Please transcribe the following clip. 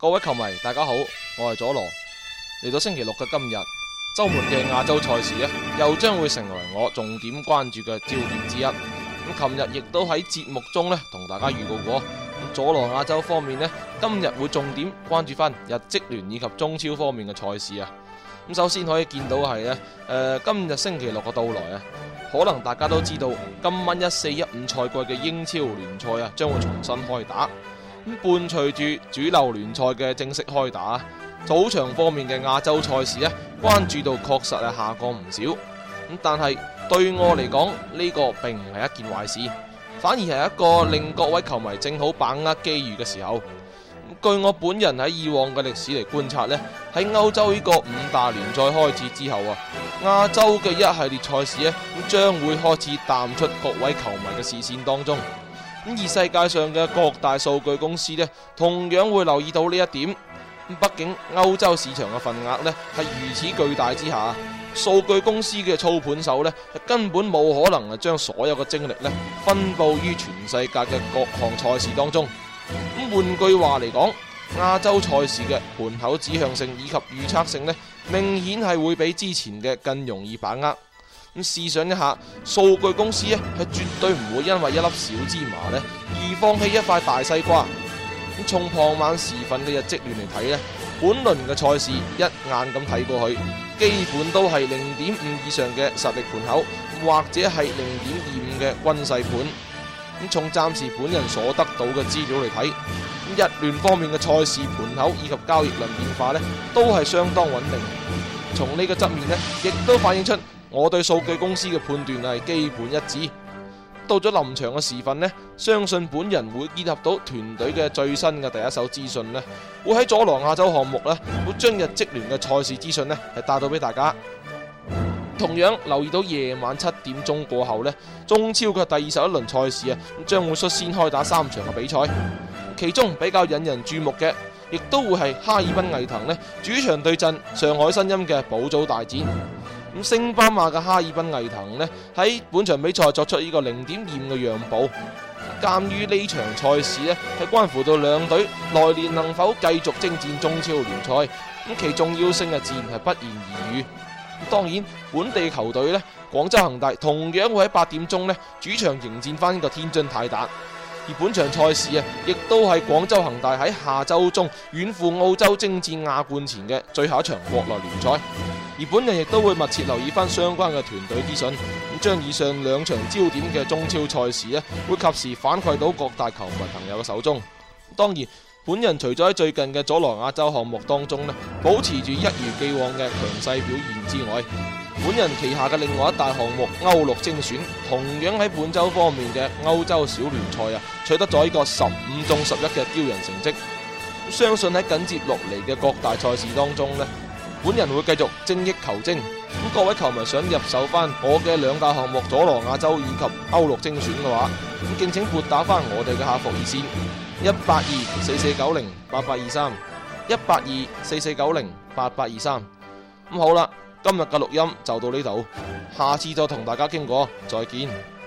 各位球迷，大家好，我係佐羅。嚟到星期六嘅今日，周末嘅亞洲賽事咧，又將會成為我重點關注嘅焦點之一。咁琴日亦都喺節目中咧，同大家預告過。咁佐羅亞洲方面咧，今日會重點關注翻日職聯以及中超方面嘅賽事啊。咁首先可以見到係誒、呃，今日星期六嘅到來啊，可能大家都知道，今晚一四一五賽季嘅英超聯賽啊，將會重新開打。伴隨住主流聯賽嘅正式開打，早場方面嘅亞洲賽事咧，關注度確實係下降唔少。但係對我嚟講，呢個並唔係一件壞事，反而係一個令各位球迷正好把握機遇嘅時候。據我本人喺以往嘅歷史嚟觀察咧，喺歐洲呢個五大聯賽開始之後啊，亞洲嘅一系列賽事咧，將會開始淡出各位球迷嘅視線當中。而世界上嘅各大數據公司呢，同樣會留意到呢一點。畢竟歐洲市場嘅份額呢，係如此巨大之下，數據公司嘅操盤手呢，根本冇可能啊將所有嘅精力呢分布於全世界嘅各項賽事當中。咁換句話嚟講，亞洲賽事嘅盤口指向性以及預測性呢，明顯係會比之前嘅更容易把握。咁試想一下，數據公司咧係絕對唔會因為一粒小芝麻咧而放棄一塊大西瓜。咁從傍晚時分嘅日職聯嚟睇咧，本輪嘅賽事一眼咁睇過去，基本都係零點五以上嘅實力盤口，或者係零點二五嘅均勢盤。咁從暫時本人所得到嘅資料嚟睇，日聯方面嘅賽事盤口以及交易量變化咧，都係相當穩定。從呢個側面咧，亦都反映出。我對數據公司嘅判斷係基本一致。到咗臨場嘅時分呢，相信本人會結合到團隊嘅最新嘅第一手資訊呢，會喺佐羅亞洲項目呢，會將日職聯嘅賽事資訊呢係帶到俾大家。同樣留意到夜晚七點鐘過後呢，中超嘅第二十一輪賽事啊，將會率先開打三場嘅比賽，其中比較引人注目嘅，亦都會係哈爾濱毅騰呢主場對陣上海申鑫嘅保組大戰。咁升班馬嘅哈爾濱毅騰咧，喺本場比賽作出呢個零點二五嘅讓步。鑒於呢場賽事咧係關乎到兩隊來年能否繼續征戰中超聯賽，咁其重要性啊自然係不言而喻。當然，本地球隊咧廣州恒大同樣會喺八點鐘咧主場迎戰翻呢個天津泰達。而本場賽事啊，亦都係廣州恒大喺下周中遠赴澳洲征戰亞冠前嘅最後一場國內聯賽。而本人亦都會密切留意翻相關嘅團隊資訊，咁將以上兩場焦點嘅中超賽事咧，會及時反饋到各大球迷朋友嘅手中。當然，本人除咗喺最近嘅佐羅亞洲項目當中咧，保持住一如既往嘅強勢表現之外。本人旗下嘅另外一大項目歐陸精選，同樣喺本周方面嘅歐洲小聯賽啊，取得咗呢個十五中十一嘅驕人成績。相信喺緊接落嚟嘅各大賽事當中呢，本人會繼續精益求精。咁各位球迷想入手翻我嘅兩大項目佐羅亞洲以及歐陸精選嘅話，咁敬請撥打翻我哋嘅客服熱線一八二四四九零八八二三一八二四四九零八八二三。咁好啦。今日嘅錄音就到呢度，下次再同大家傾過，再見。